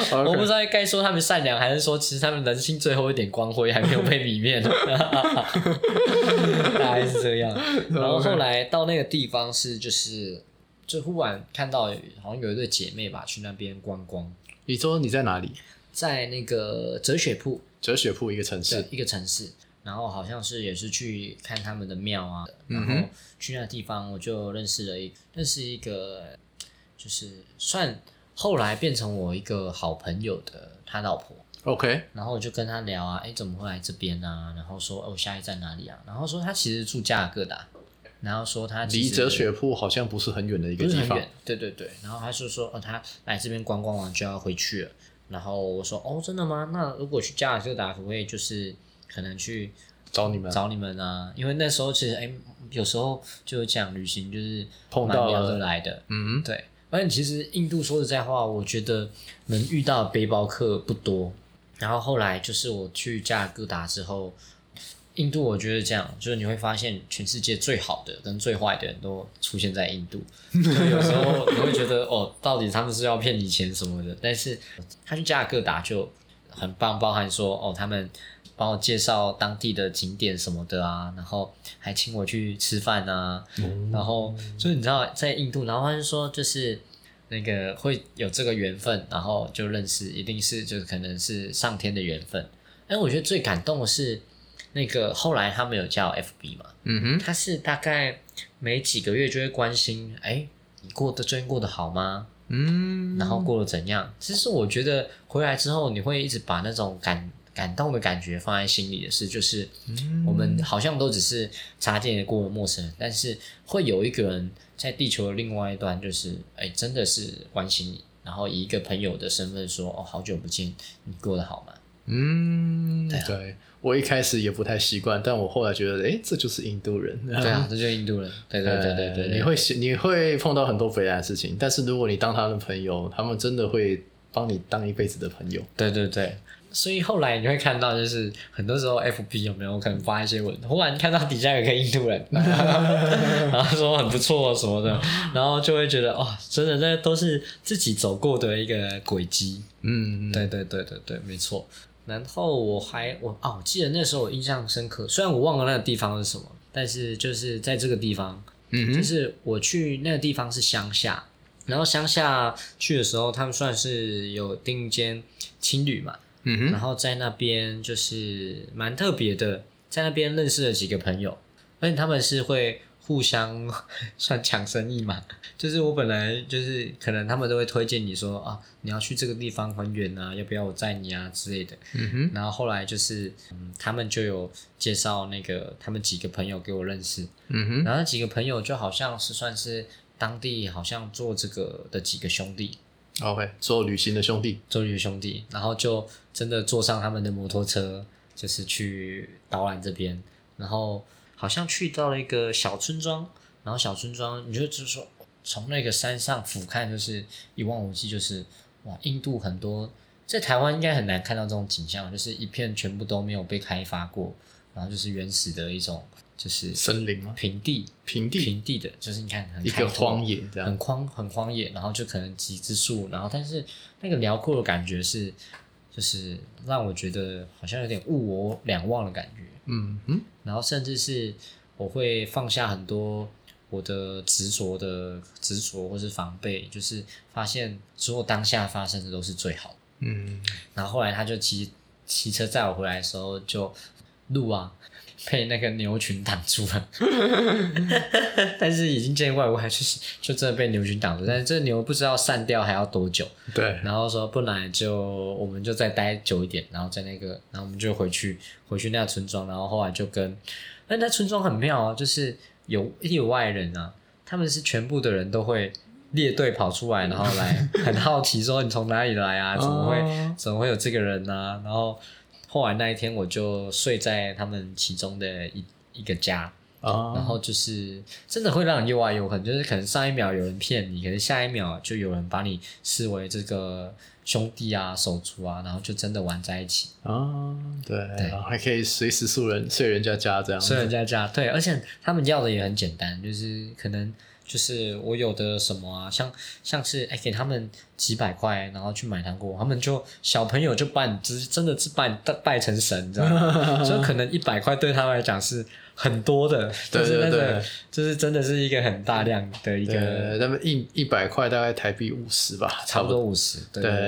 ，okay. 我不知道該說他們善良還是說其實他們人性最後一點光輝還沒有被泯滅 大概是這樣。然後後來到那個地方是就是就忽然看到好像有一對姐妹吧去那邊觀光。你說你在哪裡？在那個哲雪鋪。哲雪鋪一個城市，一個城市，然後好像是也是去看他們的廟啊、嗯，然後去那地方我就認識了，一，認識一個就是算後來變成我一個好朋友的他老婆。OK，然後我就跟他聊啊，哎、欸，怎麼會來這邊呢、啊？然後說，哦，下一站哪裡啊？然後說他其實住加爾各答、啊，然後說他離哲雪鋪好像不是很遠的一個地方。對,對對對，然後他就說,說，哦，他來這邊逛逛完就要回去了。然後我說哦，真的嗎？那如果去加爾各答我也，就是可能去找你們、哦、找你們啊，因為那時候其實哎，有時候就講旅行就是蠻聊得來的，嗯，對。而、嗯、且其實印度說實在話，我覺得能遇到背包客不多、嗯。然後後來就是我去加爾各答之後。印度，我覺得這樣，就是你會發現全世界最好的跟最壞的人都出現在印度。 有時候你會覺得哦，到底他們是要騙你錢什麼的？但是他去加爾各答就很棒，包含說哦，他們幫我介紹當地的景點什麼的啊，然後還請我去吃飯啊，嗯、然後所以你知道在印度，然後他就說就是那個會有這個緣分，然後就認識，一定是就可能是上天的緣分。哎，我覺得最感動的是。那個後來他們有叫 F B 嘛？嗯哼，他是大概每幾個月就會關心，哎，你過得最近過得好嗎？嗯，然後過得怎樣？其實我覺得回來之後，你會一直把那種感感動的感覺放在心裡的是，就是我們好像都只是擦肩而過的陌生人，但是會有一個人在地球的另外一端，就是哎，真的是關心你，然後以一個朋友的身份說，哦，好久不見，你過得好嗎？嗯，對。對我一開始也不太習慣，但我後來覺得，哎、欸，這就是印度人、啊。對啊，這就是印度人。對對對對對，對，對、呃。你會你會碰到很多匪夷事情，但是如果你當他的朋友，他們真的會幫你當一輩子的朋友。對對對，所以後來你會看到，就是很多時候 FB 有沒有可能發一些文，忽然看到底下有個印度人，然後， 然後說很不錯什麼的，然後就會覺得，哇、哦，真的這都是自己走過的一個軌跡。嗯，嗯，對對對對對，沒錯。然後我還我哦，我記得那時候我印象深刻，雖然我忘了那個地方是什麼，但是就是在這個地方，嗯，就是我去那個地方是鄉下，然後鄉下去的時候，他們算是有訂一間青旅嘛，嗯，然後在那邊就是蠻特別的，在那邊認識了幾個朋友，而且他們是會。互相算搶生意嘛，就是我本來就是可能他們都會推薦你說啊，你要去這個地方很遠啊，要不要我載你啊之類的，嗯。然後後來就是，嗯、他們就有介紹那個他們幾個朋友給我認識。嗯，然後那幾個朋友就好像是算是當地好像做這個的幾個兄弟。OK，做旅行的兄弟，做旅行的兄弟，然後就真的坐上他們的摩托車，就是去導覽這邊，然後。好像去到了一個小村莊，然後小村莊，你就只是說從那個山上俯瞰，就是一望無際，就是哇，印度很多在台灣應該很難看到這種景象，就是一片全部都沒有被開發過，然後就是原始的一種就是森林嗎、啊？平地，平地，平地的，就是你看很一個荒野很荒很荒野，然後就可能幾隻樹，然後但是那個遼闊的感覺是，就是讓我覺得好像有點物我兩忘的感覺。嗯嗯，然後甚至是我會放下很多我的執着的執着或是防備，就是發現所有當下發生的都是最好。嗯，然後後來他就騎騎車載我回來的時候就。路啊，被那個牛群擋住了， 但是已經見怪不怪，我還是就真的被牛群擋住。但是這牛不知道散掉還要多久。對，然後說不然就我們就再待久一點，然後在那個，然後我們就回去回去那村莊，然後後來就跟，那、欸、那村莊很妙啊，就是有有外人啊，他們是全部的人都會列隊跑出來，然後來 很好奇說你從哪裡來啊？怎麼會、哦、怎麼會有這個人呢、啊？然後。後來那一天，我就睡在他們其中的一一個家，啊，然後就是真的會讓你又愛又恨，就是可能上一秒有人騙你，可是下一秒就有人把你視為這個兄弟啊、手足啊，然後就真的玩在一起啊。對，對，還可以隨時睡人睡人家家這樣子，睡人家家對，而且他們要的也很簡單，就是可能。就是我有的什麼啊，像像是哎、欸，給他們幾百塊，然後去買糖果，他們就小朋友就拜，就是真的是拜拜成神這樣，知道嗎？所以可能一百塊對他們來講是很多的，對對對，是就是真的是一個很大量的一個。他們一一百塊大概台幣五十吧，差不多五十。對對對,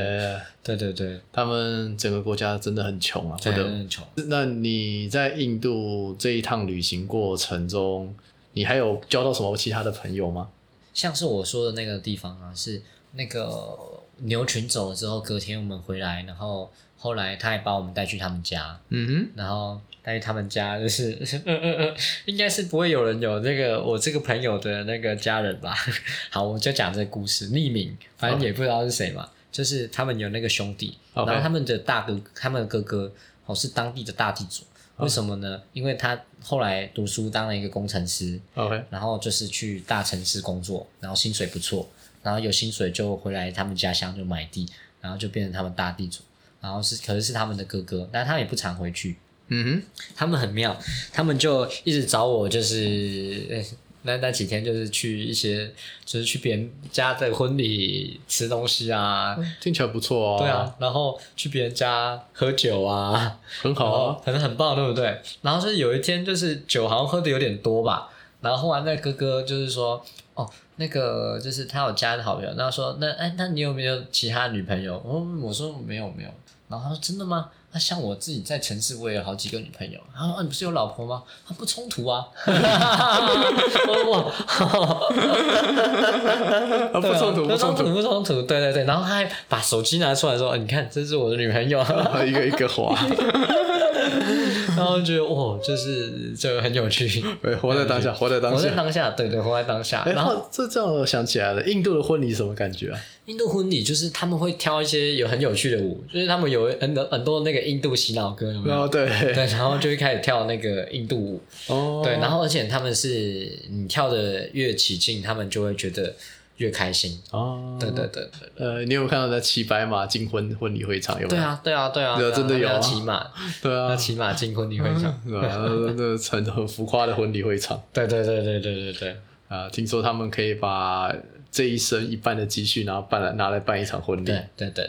對對對，他們整個國家真的很窮啊，真的很窮。那你在印度這一趟旅行過程中，你還有交到什麼其他的朋友嗎？像是我說的那個地方啊，是那個牛群走了之後，隔天我們回來，然後後來他還把我們帶去他們家，嗯哼，然後帶去他們家就是，嗯嗯嗯應該是不會有人有那個我這個朋友的那個家人吧？ 好，我就講這個故事，匿名，反正也不知道是誰嘛，嗯，就是他們有那個兄弟，okay. 然後他們的大哥，他們的哥哥哦，是當地的大地主。為什麼呢？因為他後來讀書當了一個工程師，okay. 然後就是去大城市工作，然後薪水不錯，然後有薪水就回來他們家鄉就買地，然後就變成他們大地主，然後是可是是他們的哥哥，但他們也不常回去。嗯哼，他們很妙，他們就一直找我，就是。欸那那幾天就是去一些，就是去別人家的婚禮吃東西啊，聽起來不錯哦。啊。對啊，然後去別人家喝酒啊，很好，啊，很很棒，對不對？然後就是有一天就是酒好像喝得有點多吧，然後後來那個哥哥就是說，哦，那個就是他有加的好朋友，然後說那說那哎，那你有沒有其他女朋友？我說我說沒有沒有，然後他說真的嗎？像我自己在城市，我也有好幾個女朋友。然後啊，你不是有老婆嗎？”他、啊、不衝突啊。 對啊 不衝突，突，不衝突，不衝突。”對對對，然後他還把手機拿出來說：“你看，這是我的女朋友。 ” 一個一個滑 然後覺得哇、哦，就是個很有趣，活在當下， 活在當下，活在當下，對對，對，活在當下。欸、然後、哦、這叫我想起來了，印度的婚禮什麼感覺啊？印度婚禮就是他們會跳一些有很有趣的舞，就是他們有很很多那個印度洗腦歌，有沒有、哦、對對，然後就會開始跳那個印度舞。哦。對，然後而且他們是你跳的越起勁，他們就會覺得。越開心哦，對對對，呃，你有看到在騎白馬進婚婚禮會場有，沒有對、啊？對啊，對啊，對啊，真的有、啊、騎馬，對啊，騎馬進婚禮會場，啊對啊對啊 啊、那很很浮誇的婚禮會場。對對對對對對對，對，啊、呃，聽說他們可以把這一生一半的積蓄拿辦來拿來辦一場婚禮。對對對對對，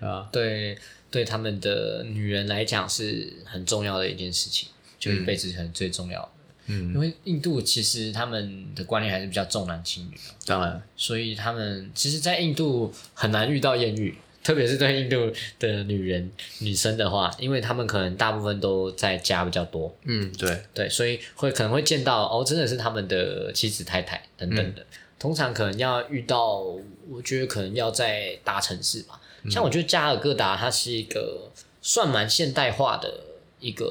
對啊，對對他們的女人來講是很重要的一件事情，就一輩子很最重要的。嗯嗯，因為印度其實他們的觀念還是比較重男輕女，當然，所以他們其實，在印度很難遇到艷遇，特別是對印度的女人、女生的話，因為他們可能大部分都在家比較多。嗯，對，對，所以會可能會見到哦，真的是他們的妻子、太太等等的，嗯。通常可能要遇到，我覺得可能要在大城市吧。像我覺得加爾各答，它是一個算蠻現代化的一個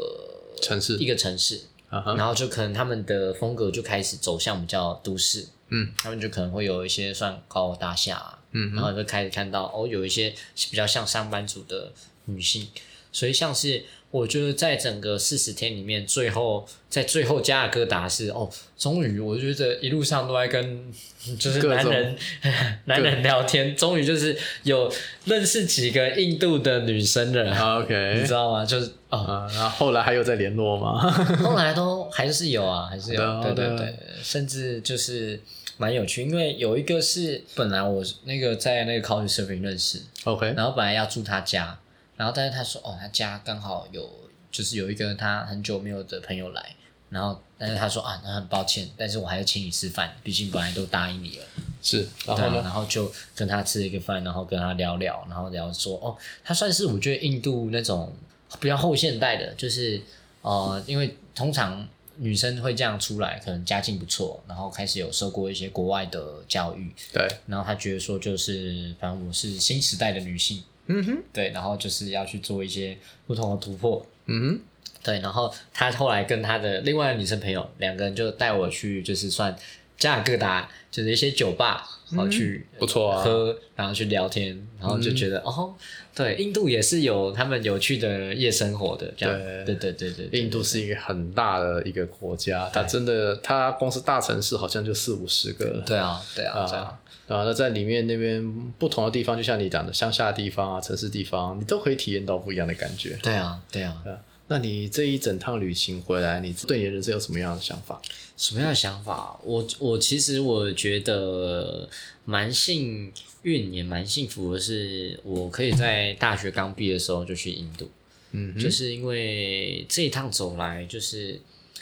城市，一個城市。Uh -huh. 然後就可能他們的風格就開始走向比較都市，嗯，他們就可能會有一些算高樓大廈啊，嗯，嗯，然後就開始看到哦，有一些比較像上班族的女性，所以像是。我覺得在整個四十天裡面，最後在最後加爾各答是哦，終於我覺得一路上都在跟就是男人各各 男人聊天，終於就是有認識幾個印度的女生了、啊、，OK，你知道嗎？就是、哦、啊，然後後來還有在聯絡嗎？ 後來都還是有啊，還是有，嗯、對對對、嗯，甚至就是蠻有趣，因為有一個是本來我那個在那個 Couchsurfing 認識，OK，然後本來要住他家。然後，但是他說，哦，他家剛好有，就是有一個他很久沒有的朋友來。然後，但是他說啊，那很抱歉，但是我還要請你吃飯，畢竟本來都答應你了。是，對。然後就跟他吃了一個飯，然後跟他聊聊，然後聊說，哦，他算是我覺得印度那種比較後現代的，就是呃，因為通常女生會這樣出來，可能家境不錯，然後開始有受過一些國外的教育。對。然後他覺得說，就是反正我是新時代的女性。嗯哼，對，然後就是要去做一些不同的突破。嗯哼，對，然後他後來跟他的另外的女生朋友兩個人就帶我去，就是算。加爾各答就是一些酒吧，然後去、嗯、不錯啊，喝，然後去聊天，然後就覺得、嗯、哦，對，印度也是有他們有趣的夜生活的，這樣對，對，對，對，對對對對對，印度是一個很大的一個國家，它真的它光是大城市好像就四五十個，對啊對啊，對啊，啊，對啊，對啊，然後那在裡面那邊不同的地方，就像你講的鄉下的地方啊，城市地方，你都可以體驗到不一樣的感覺，對啊對啊。嗯那你這一整趟旅行回來，你對你的人生有什麼樣的想法？什麼樣的想法？我我其實我覺得蠻幸運，也蠻幸福的是，我可以在大學剛畢業的時候就去印度。嗯，嗯，就是因為這一趟走來，就是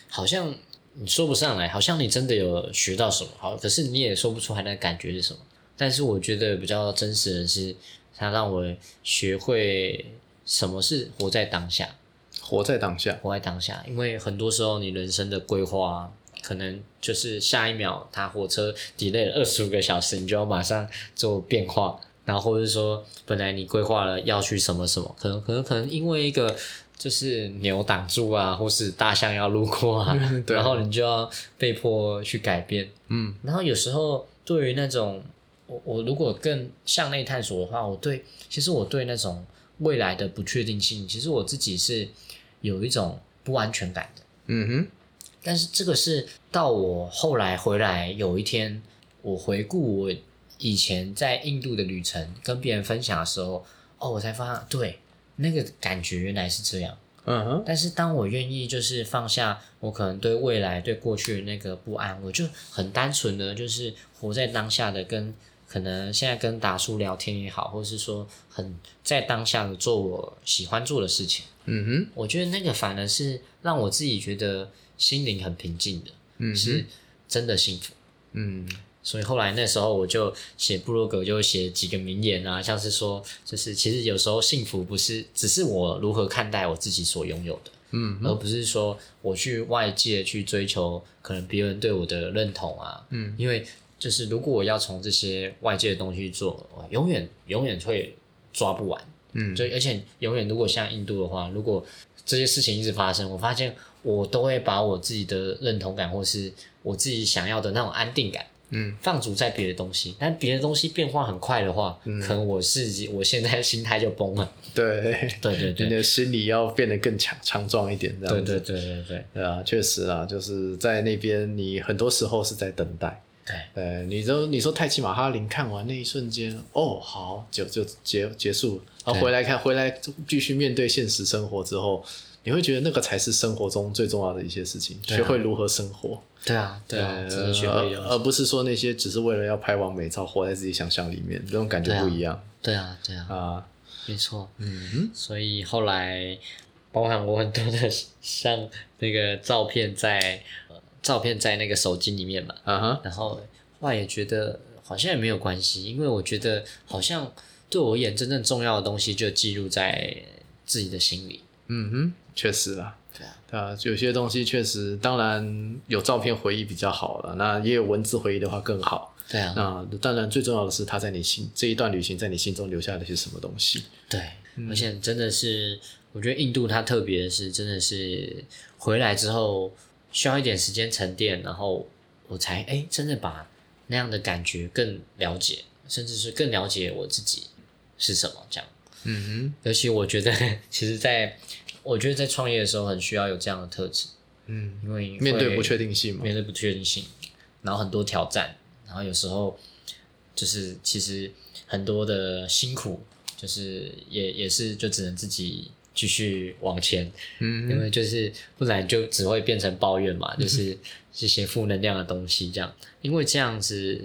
好像你說不上來，好像你真的有學到什麼好，可是你也說不出來那個感覺是什麼。但是我覺得比較真實的是，它讓我學會什麼是活在當下。活在當下，活在當下，因為很多時候你人生的規劃啊，可能就是下一秒，搭火車 delay 了二十五個小時，你就要馬上做變化。然後或者說，本來你規劃了要去什麼什麼，可能可能可能因為一個就是牛擋住啊，或是大象要路過啊， 然後你就要被迫去改變。嗯，然後有時候對於那種我我如果更向內探索的話，我對其實我對那種未來的不確定性，其實我自己是。有一種不安全感的，嗯哼。但是這個是到我後來回來有一天，我回顧我以前在印度的旅程，跟別人分享的時候，哦，我才發現，對，那個感覺原來是這樣，嗯哼。但是當我願意就是放下我可能對未來、對過去的那個不安，我就很單純的，就是活在當下的跟，跟可能現在跟大叔聊天也好，或是說很在當下的做我喜歡做的事情。嗯哼，我覺得那個反而是讓我自己覺得心靈很平靜的，嗯，是真的幸福。嗯，所以後來那時候我就寫部落格，就寫幾個名言啊，像是說，就是其實有時候幸福不是，只是我如何看待我自己所擁有的，嗯，而不是說我去外界去追求，可能別人對我的認同啊，嗯，因為就是如果我要從這些外界的東西去做，我永遠永遠會抓不完。嗯，所以，而且永遠，如果像印度的話，如果這些事情一直發生，我發現我都會把我自己的認同感，或是我自己想要的那種安定感，嗯，放逐在別的東西。嗯、但別的東西變化很快的話，嗯、可能我是我現在心態就崩了。對對對對，你的心理要變得更強強壯一點這樣子。對對對對對，對，對啊，確實啊，就是在那邊，你很多時候是在等待。對，對，你都你說《泰姬瑪哈陵》看完那一瞬間，哦，好，就就結結束，然後回來看，回來繼續面對現實生活之後，你會覺得那個才是生活中最重要的一些事情，啊、學會如何生活。對啊，對，啊對，對，啊對啊、就是，而不是說那些只是為了要拍完美照，活在自己想象裡面，這種感覺不一樣。對啊，對啊。對啊、呃，沒錯，嗯，所以後來包含我很多的像那個照片在。照片在那個手機裡面嘛，uh -huh、然後話也覺得好像也沒有關係，因為我覺得好像對我而言真正重要的東西就記錄在自己的心裡。嗯哼，確實啦、啊。對啊，啊，有些東西確實，當然有照片回憶比較好了，那也有文字回憶的話更好。對啊，那、啊、當然最重要的是，它在你心這一段旅行，在你心中留下了些什麼東西。對、嗯，而且真的是，我覺得印度它特別的是，真的是回來之後。需要一點時間沉澱，然後我才、欸、真的把那樣的感覺更了解，甚至是更了解我自己是什麼這樣。嗯哼，尤其我覺得，其實在我覺得在創業的時候，很需要有這樣的特質。嗯，因為面對不確定性嘛，面對不確定性，然後很多挑戰，然後有時候就是其實很多的辛苦，就是也也是就只能自己。繼續往前，嗯，因為就是不然就只會變成抱怨嘛，就是這些負能量的東西這樣，因為這樣子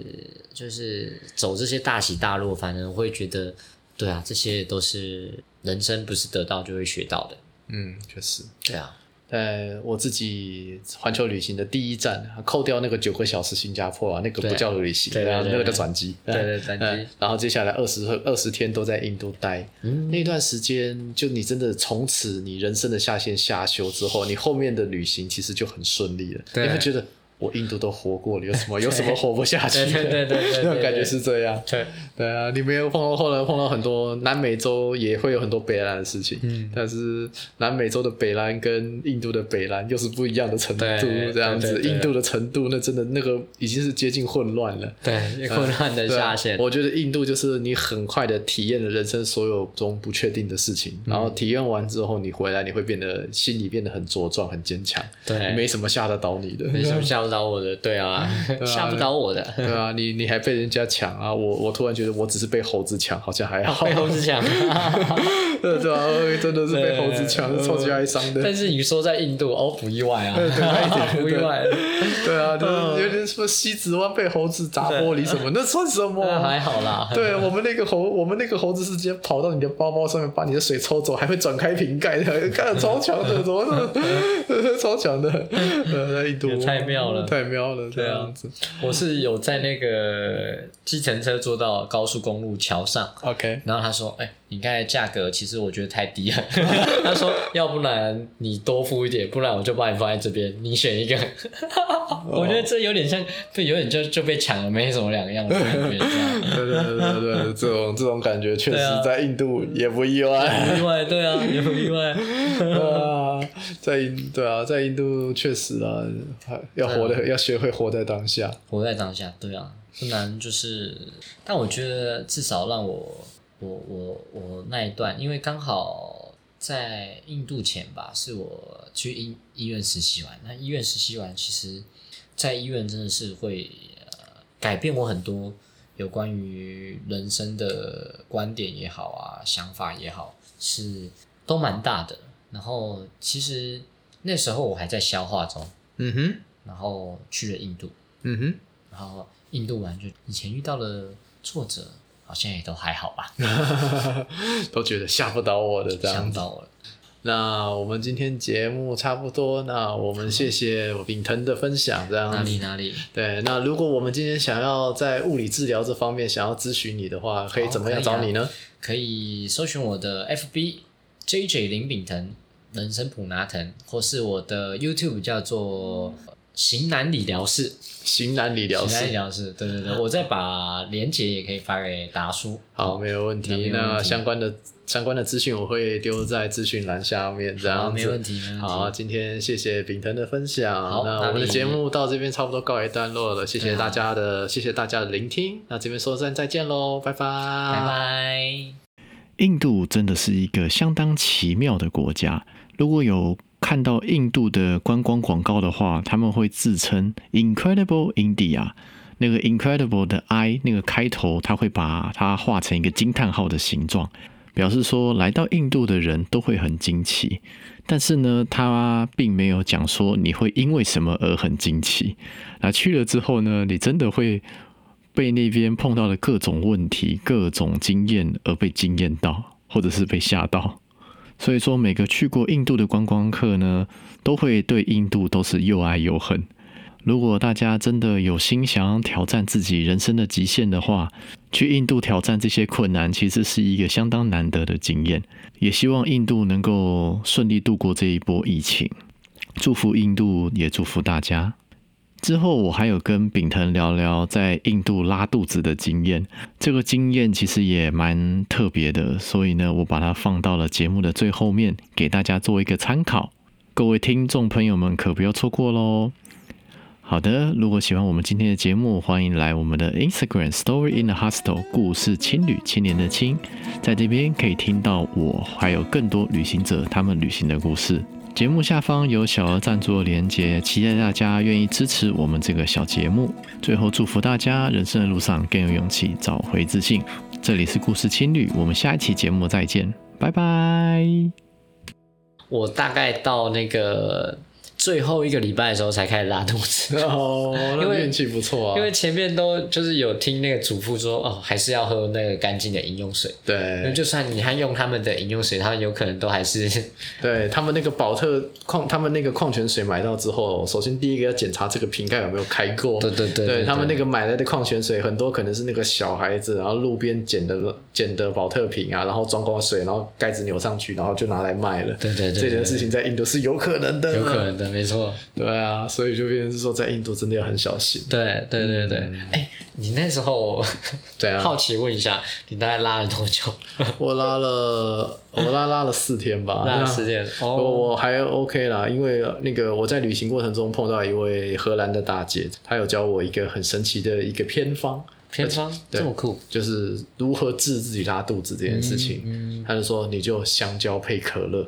就是走這些大起大落，反正我會覺得，對啊，這些都是人生不是得到就會學到的，嗯，就是，對啊。呃，我自己環球旅行的第一站，扣掉那個九個小時新加坡啊，那個不叫旅行，那個叫轉機，呃。對對，轉機。呃，然後接下來二十二十天都在印度待，嗯，那段時間就你真的從此你人生的下限下修之後，你後面的旅行其實就很順利了。對，你會覺得。我印度都活過了，有什麼有什麼活不下去？ 對對對,對,對,對,對,對 那種感覺是這樣。對對啊，你沒有碰到，後來碰到很多南美洲也會有很多北爛的事情。嗯，但是南美洲的北爛跟印度的北爛又是不一樣的程度，這樣子。對對對對對對印度的程度，那真的那個已經是接近混亂了。對、嗯，混亂的下限、啊。我覺得印度就是你很快的體驗了人生所有中不確定的事情，然後體驗完之後你回來，你會變得心裡變得很茁壯、很堅強。對，沒什麼嚇得倒你的，沒什麼嚇。倒我的，對啊，嚇 不倒我的，對啊， 對啊，對啊，你你還被人家搶啊，我我突然覺得我只是被猴子搶，好像還好 被猴子搶。 對，對啊，okay, 真的是被猴子搶，超級哀傷的。但是你說在印度，哦，不意外啊，那一點不意外對。對啊，就是有點什麼西子灣被猴子砸玻璃什麼，那算什麼？那、啊、還好啦。對 我們那個猴，我們那個猴子是直接跑到你的包包上面，把你的水抽走，還會轉開瓶蓋， 看的超強的，怎麼是 超強的？印度太妙了，呃、太妙了。這樣子、啊。我是有在那個計程車坐到高速公路橋上，OK，然後他說，哎、欸。你看價格，其實我覺得太低了。 他說：“要不然你多付一點，不然我就把你放在這邊，你選一個 ”我覺得這有點像，對，有點就就被搶了，沒什麼兩樣。 對對對對，這種這種感覺確實，在印度也不意外。意外對啊，也不意外。對啊 啊，在印對啊，在印度確實啊，要活的要學會活在當下，活在當下。對啊，不然就是，但我覺得至少讓我。我我我那一段，因為剛好在印度前吧，是我去醫醫院實習完。那醫院實習完，其實，在醫院真的是會、呃、改變我很多，有關於人生的觀點也好啊，想法也好，是都蠻大的。然後其實那時候我還在消化中，嗯哼。然後去了印度，嗯哼。然後印度完就以前遇到了挫折。好像也都還好吧 都覺得嚇不倒我的這樣。嚇不倒我。那我們今天節目差不多，那我們謝謝炳騰的分享這樣。哪裡哪裡？對，那如果我們今天想要在物理治療這方面想要諮詢你的話，可以怎麼樣找你呢？哦，可以啊，可以搜尋我的 FB JJ 林炳騰人生普拿騰，或是我的 YouTube 叫做。型男理療室，型男理療室，型男理療室。對對對，我再把連結，也可以發給達叔。嗯。好，沒有問題。那，題，那相關的相關的資訊我會丟在資訊欄下面，嗯、這樣子。好沒，沒問題。好，今天謝謝炳騰的分享。那我們的節目到這邊差不多告一段落了。謝謝大家的、啊，謝謝大家的聆聽。那這邊說聲再見嘍，拜拜，拜拜。印度真的是一個相當奇妙的國家，如果有看到印度的觀光廣告的話，他們會自稱 "Incredible India"，那個 "Incredible" 的 "I" 那個開頭，他會把它畫成一個驚嘆號的形狀，表示說，來到印度的人都會很驚奇。但是呢，他並沒有講說你會因為什麼而很驚奇。那去了之後呢，你真的會被那邊碰到的各種問題、各種經驗而被驚艷到，或者是被嚇到。所以說，每個去過印度的觀光客呢，都會對印度都是又愛又恨。如果大家真的有心想要挑戰自己人生的極限的話，去印度挑戰這些困難，其實是一個相當難得的經驗。也希望印度能夠順利度過這一波疫情，祝福印度，也祝福大家。之後，我還有跟炳騰聊聊在印度拉肚子的經驗，這個經驗其實也蠻特別的，所以呢，我把它放到了節目的最後面，給大家做一個參考。各位聽眾朋友們，可不要錯過嘍！好的，如果喜歡我們今天的節目，歡迎來我們的 Instagram Story in the Hostel 故事青旅青年的青，在這邊可以聽到我還有更多旅行者他們旅行的故事。節目下方有小額贊助的連接，期待大家願意支持我們這個小節目。最後祝福大家人生的路上更有勇氣，找回自信。這裡是故事青旅，我們下一期節目再見，拜拜。我大概到那個。最後一個禮拜的時候才開始拉肚子，哦，因為運氣不錯啊，因為前面都就是有聽那個囑咐說哦，還是要喝那個乾淨的飲用水，對，那就算你還用他們的飲用水，他們有可能都還是對他們那個寶特礦，他們那個礦泉水買到之後，首先第一個要檢查這個瓶蓋有沒有開過，對對對，對，對，對，對他們那個買來的礦泉水很多可能是那個小孩子然後路邊撿的撿的寶特瓶啊，然後裝過水，然後蓋子扭上去，然後就拿來賣了，對對對，對對對，這件事情在印度是有可能的，有可能的。沒錯，對啊，所以就變成是說，在印度真的要很小心。對對對對，哎、嗯欸，你那時候，對啊，好奇問一下、啊，你大概拉了多久？我拉了， 我拉拉了四天吧，拉了四天，我我還 OK 啦。哦，因為那個我在旅行過程中碰到一位荷蘭的大姐，她有教我一個很神奇的一個偏方，偏方，對，這麼酷，就是如何治自己拉肚子這件事情，她、嗯嗯、就說你就香蕉配可樂。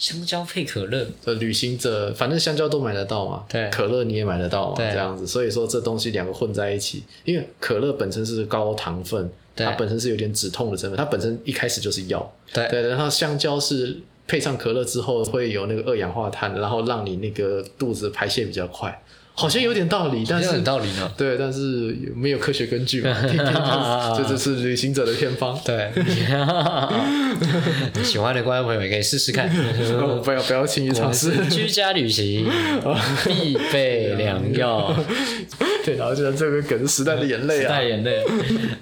香蕉配可樂的旅行者，反正香蕉都買得到嘛，對，可樂你也買得到嘛，對啊，這樣子，所以說這東西兩個混在一起，因為可樂本身是高糖分，對，它本身是有點止痛的成分，它本身一開始就是藥，對，對，然後香蕉是配上可樂之後會有那個二氧化碳，然後讓你那個肚子排泄比較快。好像有點道理，但是道理呢？對，但是沒有科學根據嘛，嘛、 啊啊啊啊啊啊、這就是旅行者的偏方。對，你啊啊啊啊 你喜歡的觀眾朋友也可以試試看、 哦，不要不要輕易嘗試。居家旅行 必備良藥， 對，啊啊啊啊 對，然後就在這邊這個梗時代的眼淚啊， 時代的眼淚、啊。